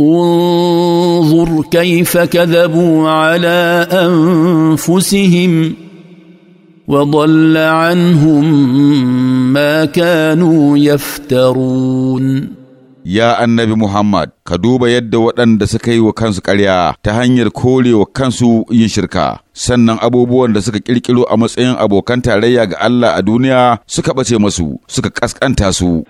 انظر da كذبوا على انفسهم وضل عنهم ما كانوا يفترون ya annabi Muhammad, ka duba yadda waɗanda suka yi wa kansu karya ta hanyar korewa kansu yin shirka, sannan abubuwan da suka ƙirƙiro a matsayin abokan tarayya ga Allah a duniya suka ɓace masu, suka ƙasƙanta su.